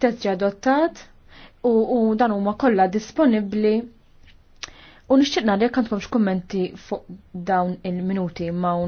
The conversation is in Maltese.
it-test ġi adottat u, u dan huma kollha disponibbli. U nixtieq ngħidlek għandkomx kummenti fuq dawn il-minuti ma'